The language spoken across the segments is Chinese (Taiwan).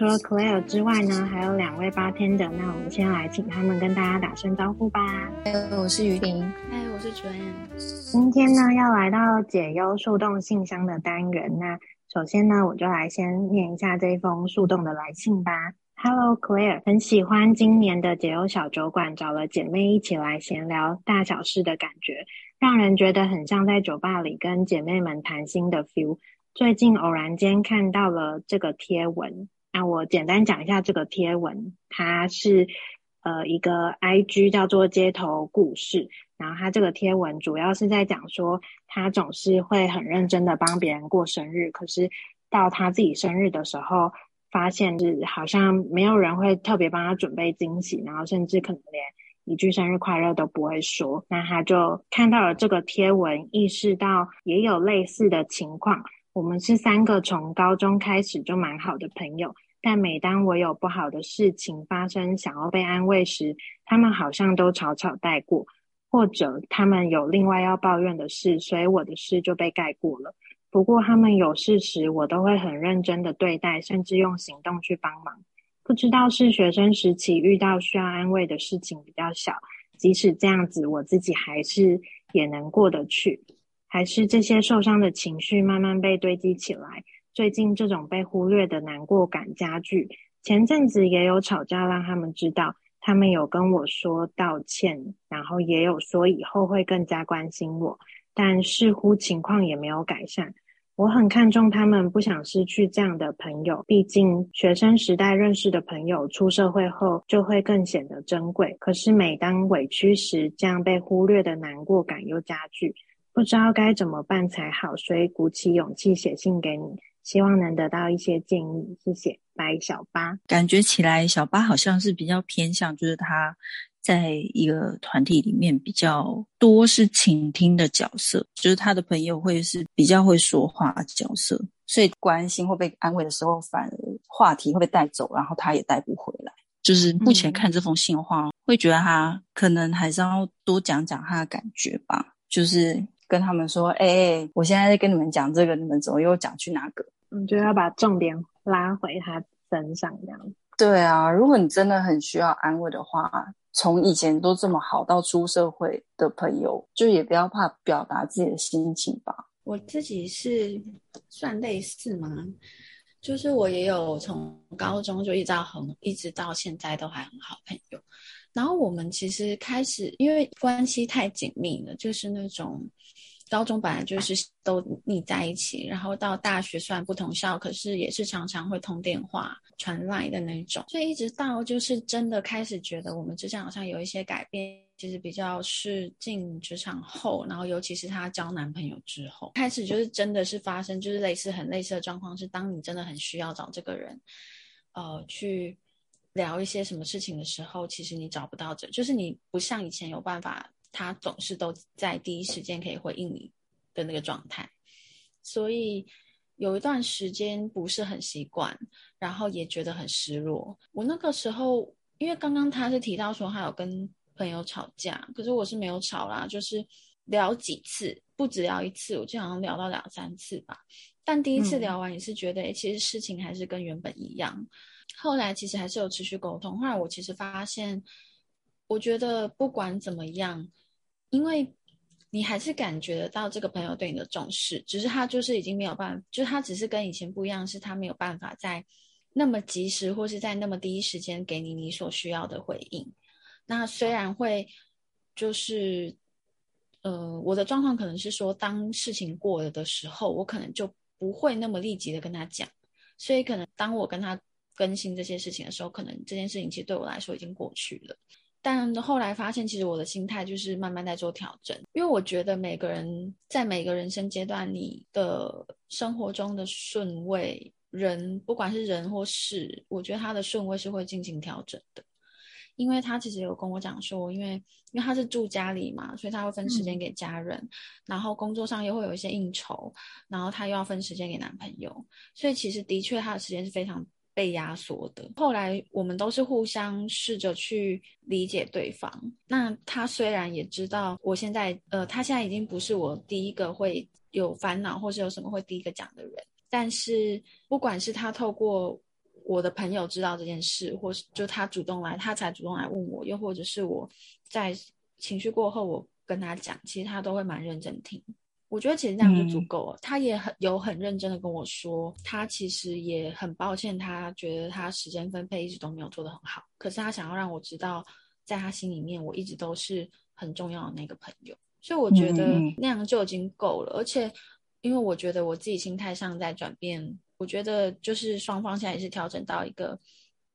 除了 Claire 之外呢，還有兩位 bartender。那我們先來請他們跟大家打聲招呼吧。Hello，我是魚鱗。哎，我是喬安。今天呢，要來到解憂樹洞信箱的單元。那首先呢，我就來先念一下這封樹洞的來信吧。Hello Claire，很喜歡今年的解憂小酒館，找了姐妹一起來閒聊大小事的感覺，讓人覺得很像在酒吧裡跟姐妹們談心的 feel。最近偶然間看到了這個貼文。那我簡單講一下這個貼文，它是呃一個 IG 叫做街頭故事，然後它這個貼文主要是在講說，他總是會很認真的幫別人過生日，可是到他自己生日的時候，發現是好像沒有人會特別幫他準備驚喜，然後甚至可能連一句生日快樂都不會說，那他就看到了這個貼文，意識到也有類似的情況。我們是三個從高中開始就蠻好的朋友，但每當我有不好的事情發生，想要被安慰時，他們好像都草草帶過，或者他們有另外要抱怨的事，所以我的事就被蓋過了。不過他們有事時，我都會很認真的對待，甚至用行動去幫忙。不知道是學生時期遇到需要安慰的事情比較少，即使這樣子，我自己還是也能過得去。還是這些受傷的情緒慢慢被堆積起來。最近這種被忽略的難過感加劇。前陣子也有吵架，讓他們知道，他們有跟我說道歉，然後也有說以後會更加關心我，但似乎情況也沒有改善。我很看重他們，不想失去這樣的朋友。畢竟學生時代認識的朋友，出社會後就會更顯得珍貴。可是每當委屈時，這樣被忽略的難過感又加劇。不知道該怎麼辦才好，所以鼓起勇氣寫信給你，希望能得到一些建議。謝謝，白小巴。感覺起來，小巴好像是比較偏向，就是他在一個團體裡面比較多是傾聽的角色，就是他的朋友會是比較會說話的角色，所以關心會被安慰的時候，反而話題會被帶走，然後他也帶不回來。就是目前看這封信的話，嗯、會覺得他可能還是要多講講他的感覺吧，就是。跟他們說，哎、欸，我現在在跟你們講這個，你們怎麼又講去哪個？嗯，就要把重點拉回他身上，這樣。對啊，如果你真的很需要安慰的話，從以前都這麼好到出社會的朋友，就也不要怕表達自己的心情吧。我自己是算類似嗎？就是我也有從高中就一直到很，一直到現在都還很好朋友。然後我們其實開始，因為關係太緊密了，就是那種高中本來就是都膩在一起，然後到大學雖然不同校，可是也是常常會通電話、傳賴的那種。所以一直到就是真的開始覺得我們之間好像有一些改變，其實比較是進職場後，然後尤其是她交男朋友之後，開始就是真的是發生就是類似很類似的狀況，是當你真的很需要找這個人，呃，去。聊一些什麼事情的時候，其實你找不到着，就是你不像以前有辦法，他總是都在第一時間可以回應你的那個狀態，所以有一段時間不是很習慣，然後也覺得很失落。我那個時候，因為剛剛他是提到說他有跟朋友吵架，可是我是沒有吵啦，就是聊幾次，不止聊一次，我就好像聊到兩三次吧。但第一次聊完你是覺得，誒、嗯欸，其實事情還是跟原本一樣。後來其實還是有持續溝通。後來我其實發現，我覺得不管怎麼樣，因為你還是感覺得到這個朋友對你的重視，只是他就是已經沒有辦法，就是他只是跟以前不一樣，是他沒有辦法在那麼及時或是在那麼第一時間給你你所需要的回應。那雖然會就是，呃，我的狀況可能是說，當事情過了的時候，我可能就不會那麼立即的跟他講，所以可能當我跟他。更新這些事情的時候，可能這件事情其實對我來說已經過去了。但後來發現，其實我的心態就是慢慢在做調整。因為我覺得每個人在每個人生階段，你的生活中的順位，人不管是人或事，我覺得他的順位是會進行調整的。因為他其實有跟我講說，因為因為他是住家裡嘛，所以他會分時間給家人，嗯、然後工作上又會有一些應酬，然後他又要分時間給男朋友，所以其實的確他的時間是非常。被壓縮的。後來我們都是互相試着去理解對方。那他雖然也知道我現在，呃，他現在已經不是我第一個會有煩惱或是有什麼會第一個講的人。但是不管是他透過我的朋友知道這件事，或是就他主動來，他才主動來問我，又或者是我在情緒過後我跟他講，其實他都會蠻認真聽。我覺得其實那樣就足夠了。嗯、他也很有很認真的跟我說，他其實也很抱歉，他覺得他時間分配一直都沒有做得很好。可是他想要讓我知道，在他心裡面，我一直都是很重要的那個朋友。所以我覺得那樣就已經夠了。嗯、而且，因為我覺得我自己心態上在轉變，我覺得就是雙方現在也是調整到一個，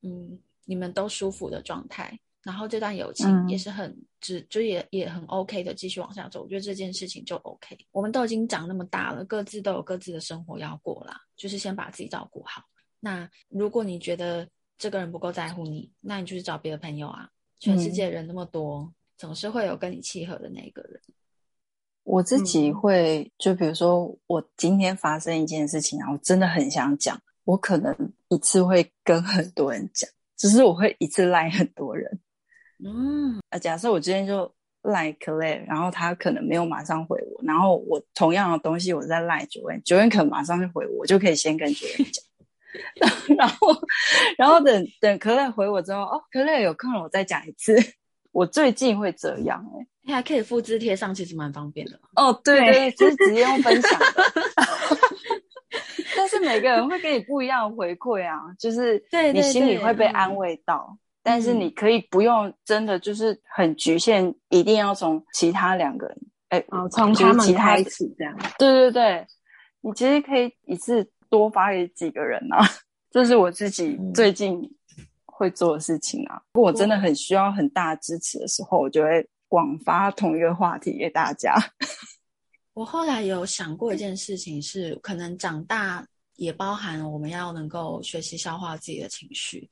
嗯，你們都舒服的狀態。然後這段友情也是很值、嗯、就也也很 OK 的，繼續往下走，我覺得這件事情就 OK。我們都已經長那麼大了，各自都有各自的生活要過啦，就是先把自己照顧好。那如果你覺得這個人不夠在乎你，那你就是找別的朋友啊。全世界人那麼多，嗯、總是會有跟你契合的那個人。我自己會、嗯、就比如說我今天發生一件事情啊，我真的很想講，我可能一次會跟很多人講，只是我會一次賴很多人。嗯，啊，假設我今天就賴 Claire，然後他可能沒有馬上回我，然後我同樣的東西我再賴喬安，喬安可能馬上就回我，我就可以先跟喬安講， 然後，然後等等 Claire 回我之後，哦，Claire 有空了，我再講一次。我最近會這樣、欸，哎，你還可以複製貼上，其實蠻方便的。哦，對，就 是直接用分享的。但是每個人會給你不一樣的回饋啊，就是你心裡會被安慰到。對對對，嗯但是你可以不用真的就是很侷限，嗯、一定要從其他兩個人，哎、哦，從、欸、他、他們開始這樣。對對對，你其實可以一次多發給幾個人啊，這是我自己最近會做的事情啊。嗯、如果我真的很需要很大支持的時候，我就會廣發同一個話題給大家。我後來有想過一件事情，是可能長大。也包含了我們要能夠學習消化自己的情緒，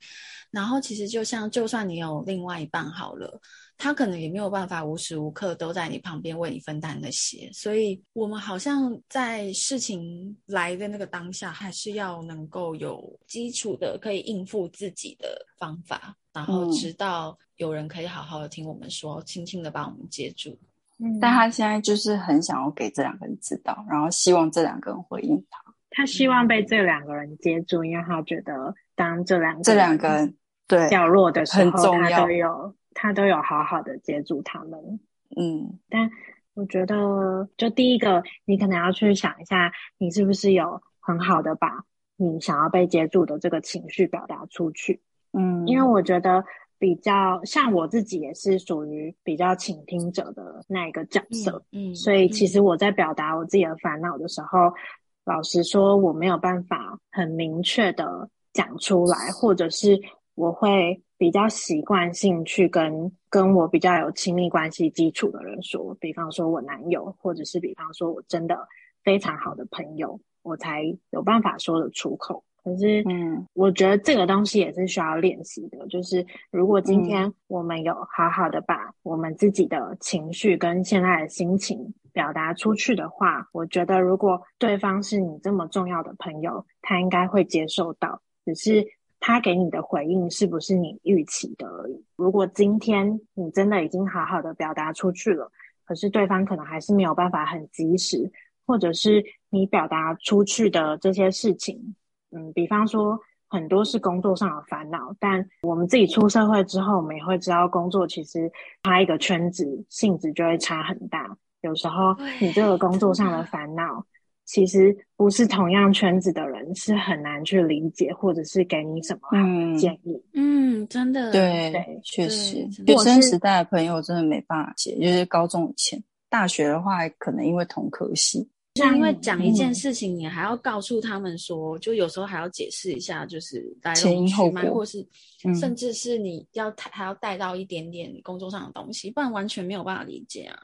然後其實就像，就算你有另外一半好了，他可能也沒有辦法無時無刻都在你旁邊為你分擔那些，所以我們好像在事情來的那個當下，還是要能夠有基礎的可以應付自己的方法，然後直到有人可以好好的聽我們說，嗯，輕輕的把我們接住。嗯，但他現在就是很想要給這兩個人知道，然後希望這兩個人回應他。他希望被這兩個人接住，因為他覺得當這兩個這兩個對掉落的時候，他都有他都有好好的接住他們。嗯，但我覺得，就第一個，你可能要去想一下，你是不是有很好的把你想要被接住的這個情緒表達出去。嗯，因為我覺得比較像我自己也是屬於比較傾聽者的那一個角色。嗯，嗯嗯所以其實我在表達我自己的煩惱的時候。老實說，我沒有辦法很明確的講出來，或者是我會比較習慣性去跟跟我比較有親密關係基礎的人說，比方說我男友，或者是比方說我真的非常好的朋友，我才有辦法說的出口。可是，嗯，我覺得這個東西也是需要練習的，就是如果今天我們有好好的把我們自己的情緒跟現在的心情。表達出去的話，我覺得如果對方是你這麼重要的朋友，他應該會接受到，只是他給你的回應是不是你預期的而已。如果今天你真的已經好好的表達出去了，可是對方可能還是沒有辦法很及時，或者是你表達出去的這些事情，嗯，比方說很多是工作上的煩惱，但我們自己出社會之後，我們也會知道，工作其實差一個圈子，性質就會差很大。有時候你這個工作上的煩惱，其實不是同樣圈子的人是很難去理解，或者是給你什麼建議。嗯，嗯，真的，對，確實，學生對實時代的朋友真的沒辦法解，就是高中以前，嗯、大學的話可能因為同科系，就因為講一件事情，你還要告訴他們說，嗯嗯，就有時候還要解釋一下，就是大家前因後果，或是甚至是你要、嗯、還要帶到一點點你工作上的東西，不然完全沒有辦法理解啊。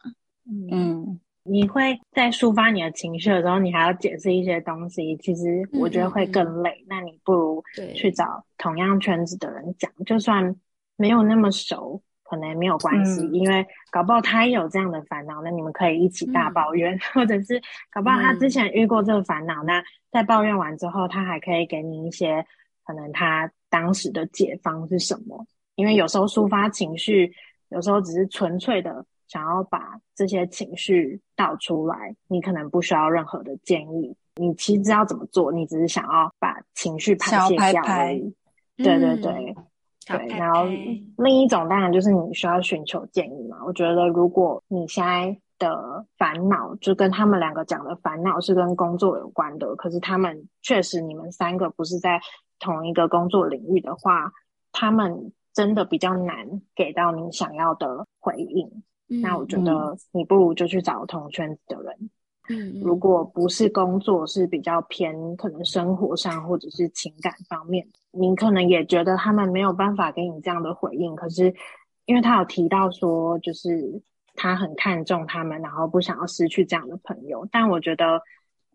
嗯，你會在抒發你的情緒的時候，你還要解釋一些東西，其實我覺得會更累。嗯嗯嗯，那你不如去找同樣圈子的人講，對就算沒有那麼熟，可能也沒有關係，嗯、因為搞不好他也有這樣的煩惱，那你們可以一起大抱怨，嗯、或者是搞不好他之前遇過這個煩惱，嗯、那在抱怨完之後，他還可以給你一些可能他當時的解方是什麼，因為有時候抒發情緒，有時候只是純粹的。想要把這些情緒倒出來，你可能不需要任何的建議，你其實知道怎麼做，你只是想要把情緒排泄掉而已。排排對對對，嗯、對。排排然後另一種當然就是你需要尋求建議嘛。我覺得如果你現在的煩惱就跟他們兩個講的煩惱是跟工作有關的，可是他們確實你們三個不是在同一個工作領域的話，他們真的比較難給到你想要的回應。那我覺得你不如就去找同圈子的人。嗯，如果不是工作，是比較偏可能生活上或者是情感方面，你可能也覺得他們沒有辦法給你這樣的回應。可是，因為他有提到說，就是他很看重他們，然後不想要失去這樣的朋友。但我覺得，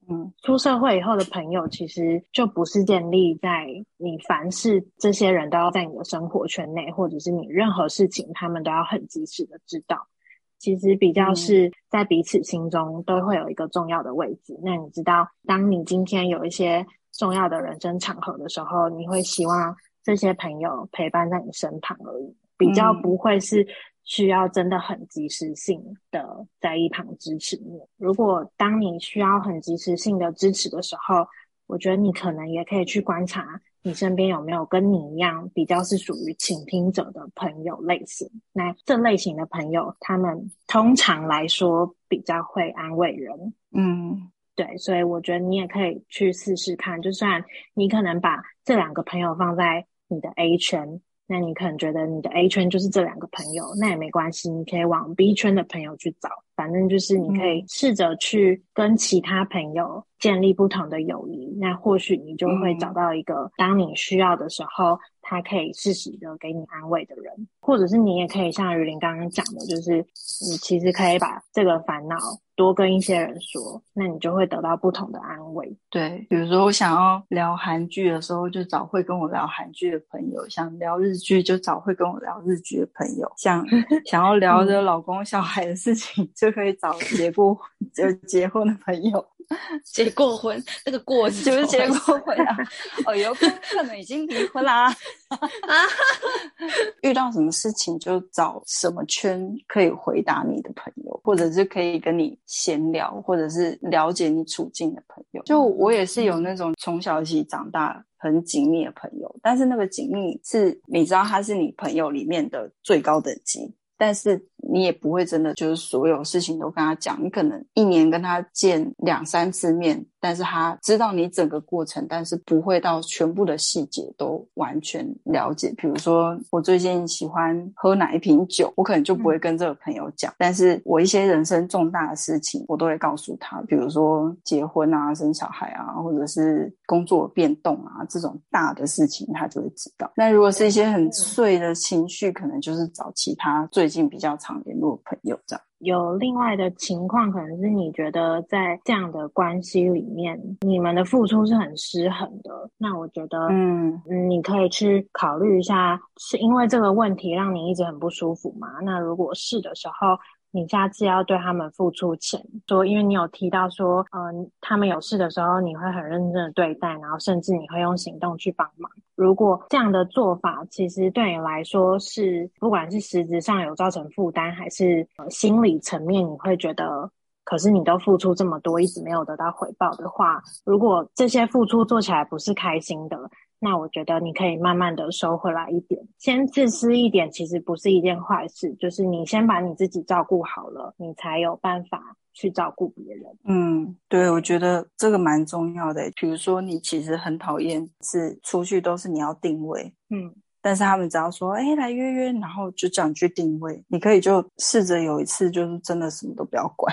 嗯，出社會以後的朋友其實就不是建立在你凡事這些人都要在你的生活圈內，或者是你任何事情他們都要很及時的知道。其實比較是在彼此心中都會有一個重要的位置。嗯、那你知道，當你今天有一些重要的人生場合的時候，你會希望這些朋友陪伴在你身旁而已，比較不會是需要真的很及時性的在一旁支持你。嗯、如果當你需要很及時性的支持的時候，我覺得你可能也可以去觀察。你身邊有沒有跟你一樣比較是屬於傾聽者的朋友類型？那這類型的朋友，他們通常來說比較會安慰人。嗯，對，所以我覺得你也可以去試試看，就算你可能把這兩個朋友放在你的 A 圈，那你可能覺得你的 A 圈就是這兩個朋友，那也沒關係，你可以往 B 圈的朋友去找，反正就是你可以試着去跟其他朋友建立不同的友誼，那或許你就會找到一個當你需要的時候。他可以適時的給你安慰的人，或者是你也可以像魚鱗剛剛講的，就是你其實可以把這個煩惱多跟一些人說，那你就會得到不同的安慰。對，比如說我想要聊韓劇的時候，就找會跟我聊韓劇的朋友；想聊日劇就找會跟我聊日劇的朋友；想想要聊著老公小孩的事情， 嗯、就可以找結過就結婚的朋友。結過婚，那個過就是結過婚啊。 哦，有可能已經離婚啦。 啊、遇到什麼事情就找什麼圈可以回答你的朋友，或者是可以跟你閒聊，或者是了解你處境的朋友。就我也是有那種從小一起長大很緊密的朋友，嗯、但是那個緊密是，你知道他是你朋友裡面的最高等級。但是你也不會真的就是所有事情都跟他講，你可能一年跟他見兩三次面。但是他知道你整個過程，但是不會到全部的細節都完全了解。比如說，我最近喜歡喝哪一瓶酒，我可能就不會跟這個朋友講。嗯。但是我一些人生重大的事情，我都會告訴他。比如說結婚啊、生小孩啊，或者是工作變動啊這種大的事情，他就會知道。那如果是一些很碎的情緒，可能就是找其他最近比較常聯絡的朋友這樣。有另外的情況，可能是你覺得在這樣的關係裡面，你們的付出是很失衡的。那我覺得，嗯，嗯，你可以去考慮一下，是因為這個問題讓你一直很不舒服嗎？那如果是的時候。你下次要對他們付出錢，說，因為你有提到說，嗯、呃，他們有事的時候，你會很認真的對待，然後甚至你會用行動去幫忙。如果這樣的做法，其實對你來說是，不管是實質上有造成負擔，還是、呃、心理層面，你會覺得，可是你都付出這麼多，一直沒有得到回報的話，如果這些付出做起來不是開心的。那我覺得你可以慢慢的收回來一點，先自私一點，其實不是一件壞事。就是你先把你自己照顧好了，你才有辦法去照顧別人。嗯，對，我覺得這個蠻重要的。比如說，你其實很討厭是出去都是你要訂位。嗯。但是他們只要說“哎，來約約”，然後就講去定位。你可以就試着有一次，就是真的什麼都不要管。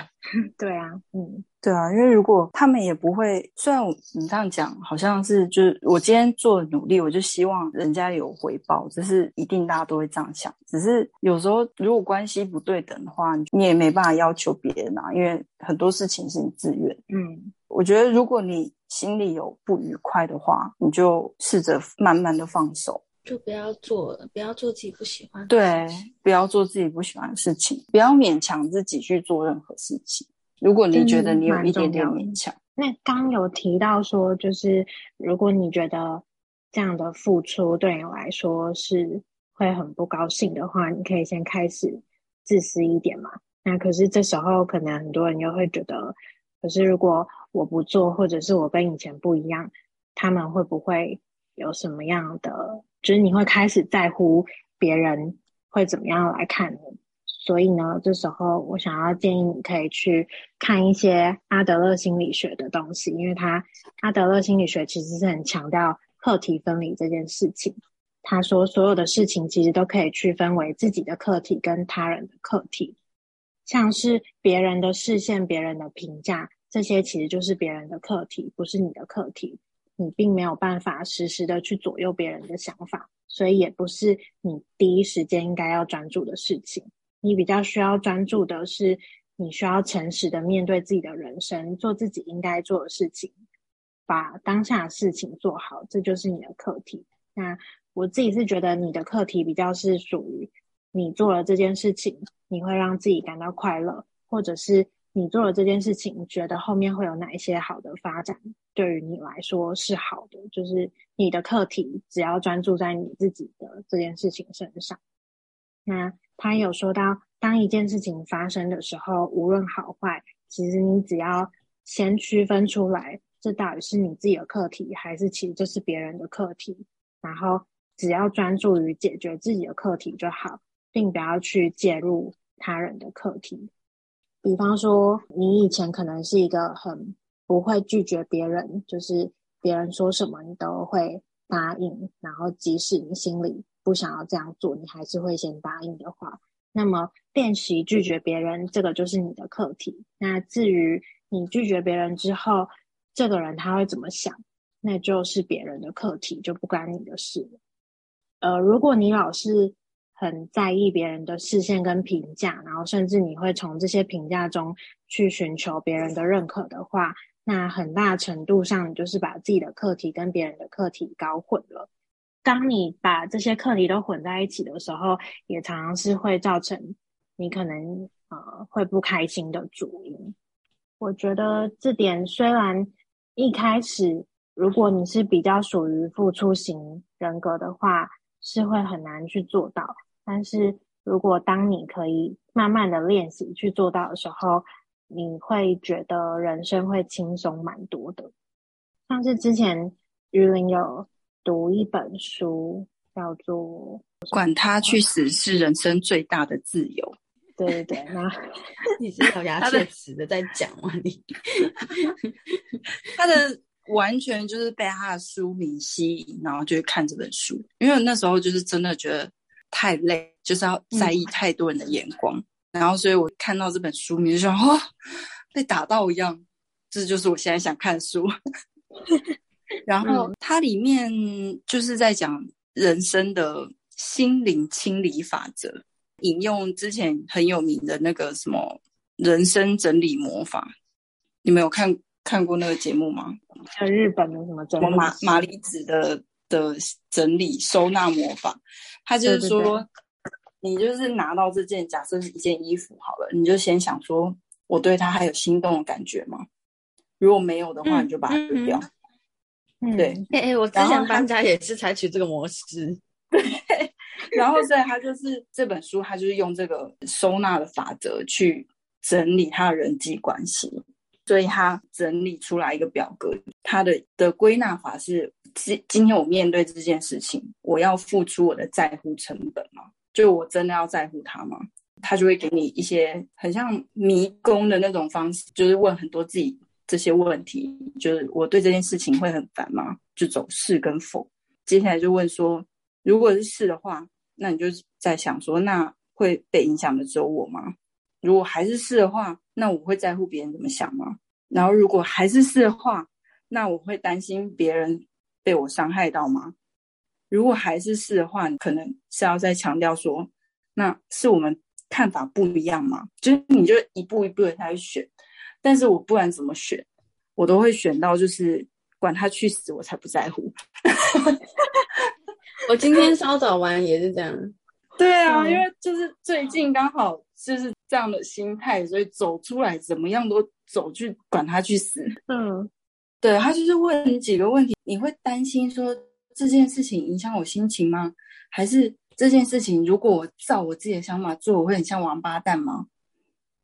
對啊，嗯，對啊，因為如果他們也不會，雖然你這樣講，好像是就是我今天做的努力，我就希望人家有回報，這是一定大家都會這樣想。只是有時候如果關係不對等的話，你你也沒辦法要求別人啊，因為很多事情是你自願。嗯，我覺得如果你心裡有不愉快的話，你就試着慢慢的放手。就不要做，不要做自己不喜歡。對，不要做自己不喜歡的事情，不要勉強自己去做任何事情。如果你覺得你有一點點勉強，要那剛剛有提到說，就是如果你覺得這樣的付出對你來說是會很不高興的話，你可以先開始自私一點嘛。那可是這時候，可能很多人又會覺得，可是如果我不做，或者是我跟以前不一樣，他們會不會有什麼樣的？就是你會開始在乎別人會怎麼樣來看你，所以呢，這時候我想要建議你可以去看一些阿德勒心理學的東西，因為他阿德勒心理學其實是很強調課題分離這件事情。他說，所有的事情其實都可以區分為自己的課題跟他人的課題，像是別人的視線、別人的評價，這些其實就是別人的課題，不是你的課題。你並沒有辦法實時的去左右別人的想法，所以也不是你第一時間應該要專注的事情。你比較需要專注的是，你需要誠實的面對自己的人生，做自己應該做的事情，把當下的事情做好，這就是你的課題。那我自己是覺得你的課題比較是屬於你做了這件事情，你會讓自己感到快樂，或者是，你做了這件事情，覺得後面會有哪一些好的發展？對於你來說是好的，就是你的課題，只要專注在你自己的這件事情身上。那他也有說到，當一件事情發生的時候，無論好壞，其實你只要先區分出來，這到底是你自己的課題，還是其實這是別人的課題？然後只要專注於解決自己的課題就好，並不要去介入他人的課題。比方說，你以前可能是一個很不會拒絕別人，就是別人說什麼你都會答應，然後即使你心裡不想要這樣做，你還是會先答應的話，那麼練習拒絕別人這個就是你的課題。那至於你拒絕別人之後，這個人他會怎麼想，那就是別人的課題，就不關你的事了。呃，如果你老是……很在意別人的視線跟評價，然後甚至你會從這些評價中去尋求別人的認可的話，那很大程度上你就是把自己的課題跟別人的課題搞混了。當你把這些課題都混在一起的時候，也常常是會造成你可能呃會不開心的主因。我覺得這點雖然一開始，如果你是比較屬於付出型人格的話，是會很難去做到，但是如果當你可以慢慢的練習去做到的時候，你會覺得人生會輕鬆蠻多的。像是之前魚鱗有讀一本書，叫做《管他去死是人生最大的自由》。 對對對，那 你是咬牙切齒的在講啊？你他的。 完全就是被他的書名吸引，然後就去看這本書。因為那時候就是真的覺得太累，就是要在意太多人的眼光，嗯、然後所以我看到這本書名就想，哇，被打到一樣。這就是我現在想看書。 然後它裡面就是在講人生的心靈清理法則，引用之前很有名的那個什麼人生整理魔法，你沒有看過？看過那個節目嗎？在日本的什麼的的的整理？馬馬里子的的整理收納魔法，他就是說，對對對，你就是拿到這件，假設是一件衣服好了，你就先想說，我對他還有心動的感覺嗎？如果沒有的話，你就把它丟掉。嗯嗯對，哎、欸欸，我之前搬家也是採取這個模式。 對， 然後所以他就是 這本書，他就是用這個收納的法則去整理他的人際關係。所以他整理出來一個表格，他的的歸納法是：今今天我面對這件事情，我要付出我的在乎成本嗎？就我真的要在乎他嗎？他就會給你一些很像迷宮的那種方式，就是問很多自己這些問題。就是我對這件事情會很煩嗎？就走是跟否。接下來就問說，如果是是的話，那你就在想說，那會被影響的只有我嗎？如果還是是的話，那我會在乎別人怎麼想嗎？然後如果還是是的話，那我會擔心別人被我傷害到嗎？如果還是是的話，你可能是要再強調說，那是我們看法不一樣嗎？就是你就一步一步的開始選，但是我不管怎麼選，我都會選到，就是管他去死，我才不在乎。 我今天稍早完也是這樣。對啊，嗯、因為就是最近剛好。就是這樣的心態，所以走出來怎麼樣都走，去管他去死。嗯，對，他就是問你幾個問題，你會擔心說這件事情影響我心情嗎？還是這件事情如果我照我自己的想法做，我會很像王八蛋嗎？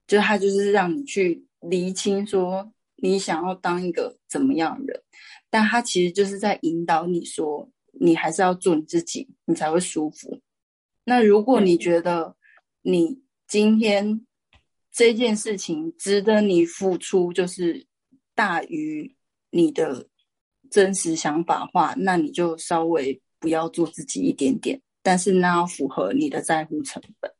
就是、他就是讓你去釐清說你想要當一個怎麼樣的人，但他其實就是在引導你說你還是要做你自己，你才會舒服。那如果你覺得你。嗯今天這件事情值得你付出，就是大於你的真實想法的話，那你就稍微不要做自己一點點，但是那要符合你的在乎成本。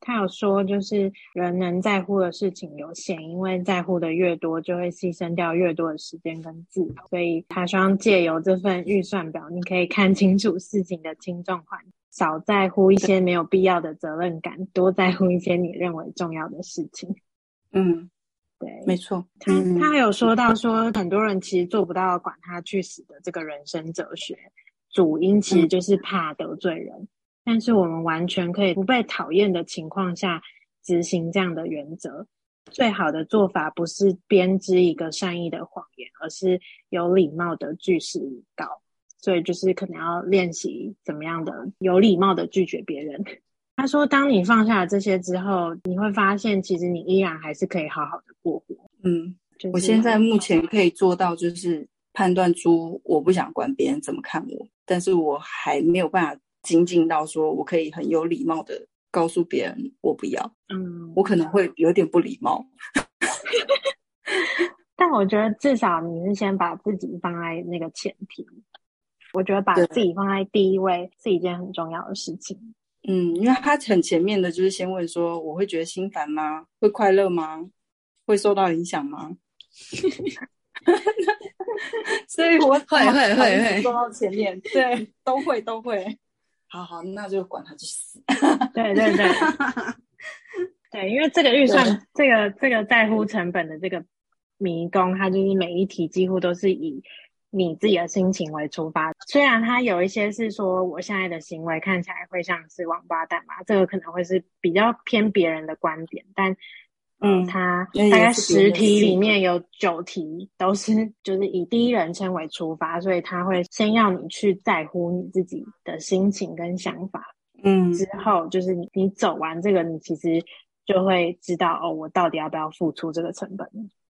他有說，就是人能在乎的事情有限，因為在乎的越多，就會犧牲掉越多的時間跟自由。所以他希望借由這份預算表，你可以看清楚事情的輕重緩。少在乎一些沒有必要的責任感，對多在乎一些你認為重要的事情。嗯，對，沒錯錯。他嗯嗯他還有說到說，很多人其實做不到“管他去死”的這個人生哲學，主因其實就是怕得罪人。嗯、但是我們完全可以不被討厭的情況下執行這樣的原則。最好的做法不是編織一個善意的謊言，而是有禮貌的句式引導。所以就是可能要練習怎麼樣的有禮貌的拒絕別人。他說：“當你放下了這些之後，你會發現其實你依然還是可以好好的過過。”嗯，就是，我現在目前可以做到就是判斷出我不想管別人怎麼看我，但是我還沒有辦法精進到說我可以很有禮貌的告訴別人我不要。嗯，我可能會有點不禮貌， 但我覺得至少你是先把自己放在那個前提。我覺得把自己放在第一位對是一件很重要的事情。嗯，因為他很前面的，就是先問說，我會覺得心煩嗎、啊？會快樂嗎？會受到影響嗎？ 所以我 會會會會做到前面，對， 都會都會。好好，那就管他去死。 對對對， 對，因為這個預算，對這個這個在乎成本的這個迷宮，對它就是每一題幾乎都是以你自己的心情為出發，雖然他有一些是說，我現在的行為看起來會像是王八蛋吧，這個可能會是比較偏別人的觀點，但嗯，他大概十題裡面有九題都是就是以第一人稱為出發，所以他會先要你去在乎你自己的心情跟想法，嗯，之後就是你你走完這個，你其實就會知道哦，我到底要不要付出這個成本？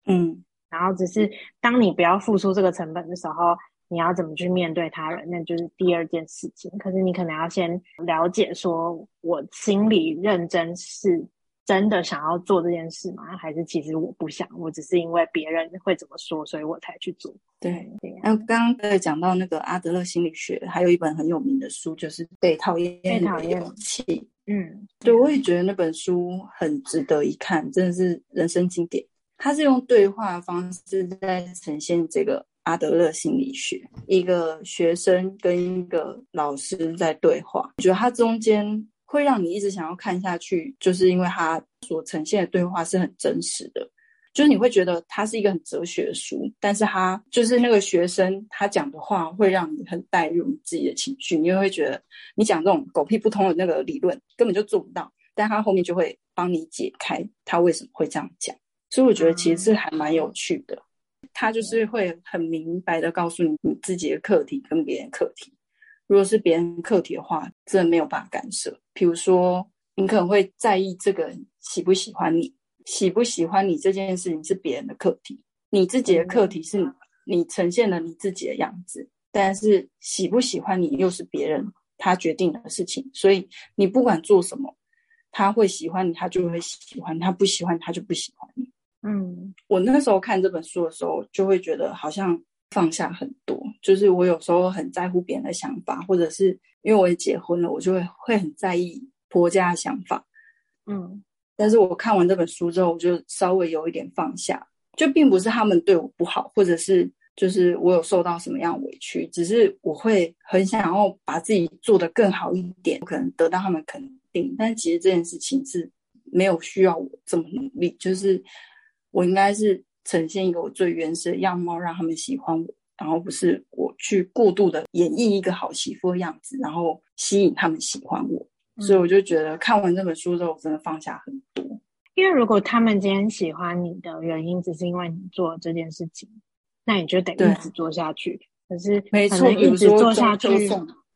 嗯。然後只是，當你不要付出這個成本的時候，你要怎麼去面對他人？那就是第二件事情。可是你可能要先了解，說我心裡認真是真的想要做這件事嗎？還是其實我不想，我只是因為別人會怎麼說，所以我才去做？對。那樣、啊、剛剛也講到那個阿德勒心理學，還有一本很有名的書，就是《被討厭被討厭的勇氣》。嗯，對，我也覺得那本書很值得一看，嗯、真的是人生經典。他是用對話的方式在呈現這個阿德勒心理學，一個學生跟一個老師在對話。覺得他中間會讓你一直想要看下去，就是因為他所呈現的對話是很真實的，就是你會覺得他是一個很哲學的書，但是他就是那個學生他講的話會讓你很帶入你自己的情緒，你就會覺得你講這種狗屁不通的那個理論根本就做不到，但他後面就會幫你解開他為什麼會這樣講。所以我覺得其實還蠻有趣的，他就是會很明白的告訴你你自己的課題跟別人課題。如果是別人課題的話，真的沒有辦法干涉。比如說，你可能會在意這個人喜不喜歡你，喜不喜歡你這件事情是別人的課題，你自己的課題是你呈現了你自己的樣子，但是喜不喜歡你又是別人他決定的事情。所以你不管做什麼，他會喜歡你，他就會喜歡；他不喜歡，他就不喜歡你。嗯，我那時候看這本書的時候，就會覺得好像放下很多。就是我有時候很在乎別人的想法，或者是因為我也結婚了，我就會會很在意婆家的想法。嗯，但是我看完這本書之後，我就稍微有一點放下。就並不是他們對我不好，或者是就是我有受到什麼樣委屈，只是我會很想要把自己做得更好一點，可能得到他們肯定。但其實這件事情是沒有需要我這麼努力，就是。我應該是呈現一個我最原始的樣貌,讓他們喜歡我，然後不是我去過度的演繹一個好媳婦的樣子，然後吸引他們喜歡我。嗯、所以我就覺得看完這本書之後，我真的放下很多。因為如果他們今天喜歡你的原因只是因為你做了這件事情，那你就得一直做下去。對可是沒錯，一直做下去，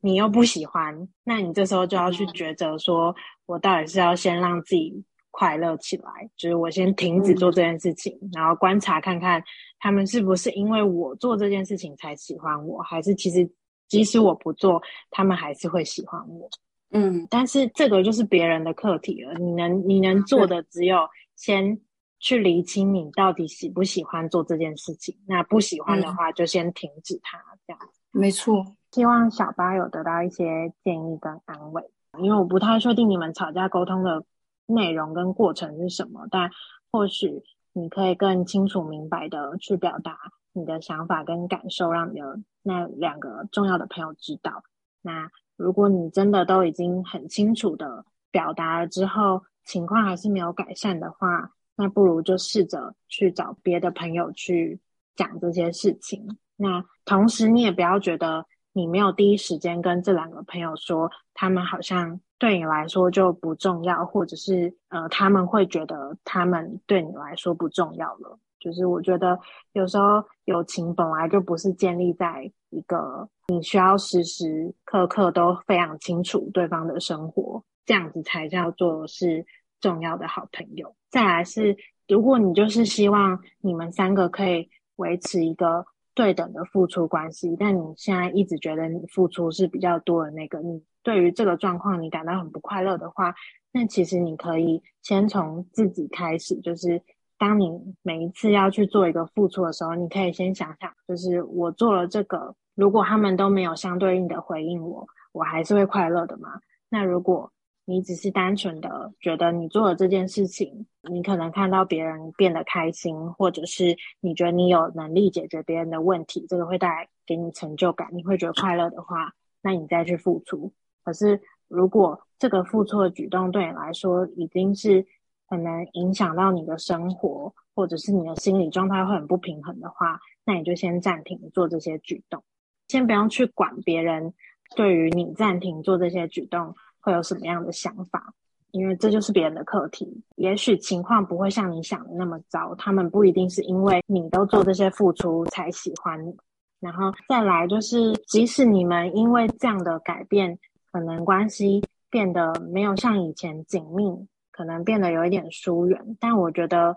你又不喜歡，那你這時候就要去抉擇說，說、嗯、我到底是要先讓自己。快樂起來，就是我先停止做這件事情，嗯、然後觀察看看他們是不是因為我做這件事情才喜歡我，還是其實即使我不做，他們還是會喜歡我。嗯，但是這個就是別人的課題了，你能你能做的只有先去釐清你到底喜不喜歡做這件事情。嗯、那不喜歡的話，就先停止它，這樣子。沒錯，希望小八有得到一些建議跟安慰，因為我不太確定你們吵架溝通的。內容跟過程是什麼？但或許你可以更清楚明白的去表達你的想法跟感受，讓你的那兩個重要的朋友知道。那如果你真的都已經很清楚的表達了之後，情況還是沒有改善的話，那不如就試着去找別的朋友去講這些事情。那同時你也不要覺得。你沒有第一時間跟這兩個朋友說，他們好像對你來說就不重要，或者是呃，他們會覺得他們對你來說不重要了。就是我覺得有時候友情本來就不是建立在一個你需要時時刻刻都非常清楚對方的生活，這樣子才叫做是重要的好朋友。再來是，如果你就是希望你們三個可以維持一個。對等的付出關係，但你現在一直覺得你付出是比較多的那個，你對於這個狀況，你感到很不快樂的話，那其實你可以先從自己開始，就是當你每一次要去做一個付出的時候，你可以先想想，就是我做了這個，如果他們都沒有相對應的回應我，我還是會快樂的嗎？那如果你只是單純的覺得你做了這件事情，你可能看到別人變得開心，或者是你覺得你有能力解決別人的問題，這個會帶來給你成就感，你會覺得快樂的話，那你再去付出。可是如果這個付出的舉動對你來說已經是可能影響到你的生活，或者是你的心理狀態會很不平衡的話，那你就先暫停做這些舉動，先不要去管別人對於你暫停做這些舉動。會有什麼樣的想法？因為這就是別人的課題。也許情況不會像你想的那麼糟，他們不一定是因為你都做這些付出才喜歡你。然後再來就是，即使你們因為這樣的改變，可能關係變得沒有像以前緊密，可能變得有一點疏遠。但我覺得，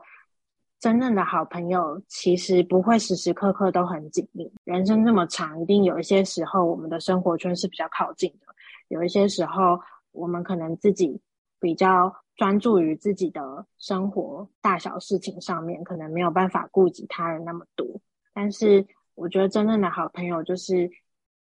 真正的好朋友其實不會時時刻刻都很緊密。人生這麼長，一定有一些時候，我們的生活圈是比較靠近的。有一些時候，我們可能自己比較專注於自己的生活，大小事情上面，可能沒有辦法顧及他人那麼多。但是，我覺得真正的好朋友就是，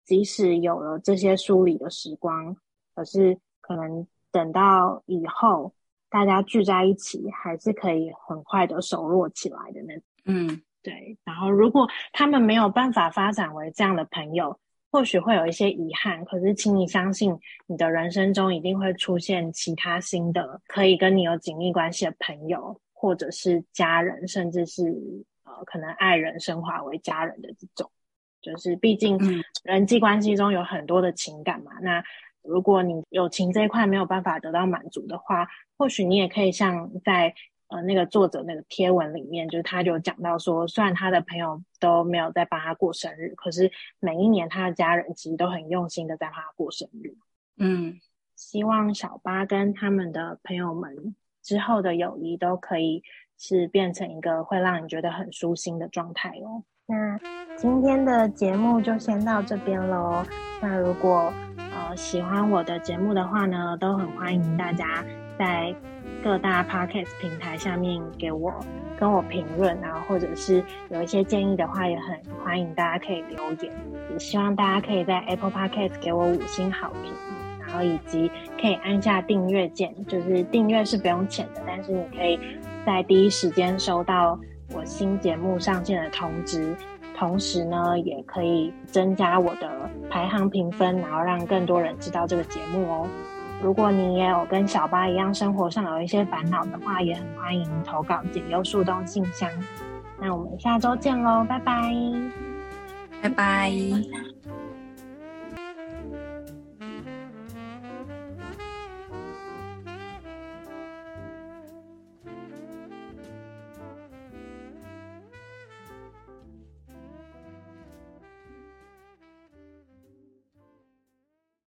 即使有了這些疏離的時光，可是可能等到以後大家聚在一起，還是可以很快的熟絡起來的那。嗯，對。然後，如果他們沒有辦法發展為這樣的朋友。或許會有一些遺憾，可是請你相信，你的人生中一定會出現其他新的可以跟你有緊密關係的朋友，或者是家人，甚至是呃，可能愛人升華為家人的這種。就是畢竟人際關係中有很多的情感嘛。那如果你友情這一塊沒有辦法得到滿足的話，或許你也可以像在。呃，那個作者那個貼文裡面，就是他就講到說，雖然他的朋友都沒有在幫他過生日，可是每一年他的家人其實都很用心的在幫他過生日。嗯，希望小巴跟他們的朋友們之後的友誼都可以是變成一個會讓你覺得很舒心的狀態哦。那今天的節目就先到這邊嘍。那如果呃喜歡我的節目的話呢，都很歡迎大家在。各大 Podcast 平台下面給我，跟我評論，然後或者是有一些建議的話，也很歡迎大家可以留言。也希望大家可以在 Apple Podcast 給我五星好評，然後以及可以按下訂閱鍵，就是訂閱是不用錢的，但是你可以在第一時間收到我新節目上線的通知，同時呢，也可以增加我的排行評分，然後讓更多人知道這個節目哦。如果你也有跟小巴一樣生活上有一些煩惱的話，也很歡迎投稿解憂樹洞信箱。那我們下周見咯，拜拜，拜拜。拜拜拜拜。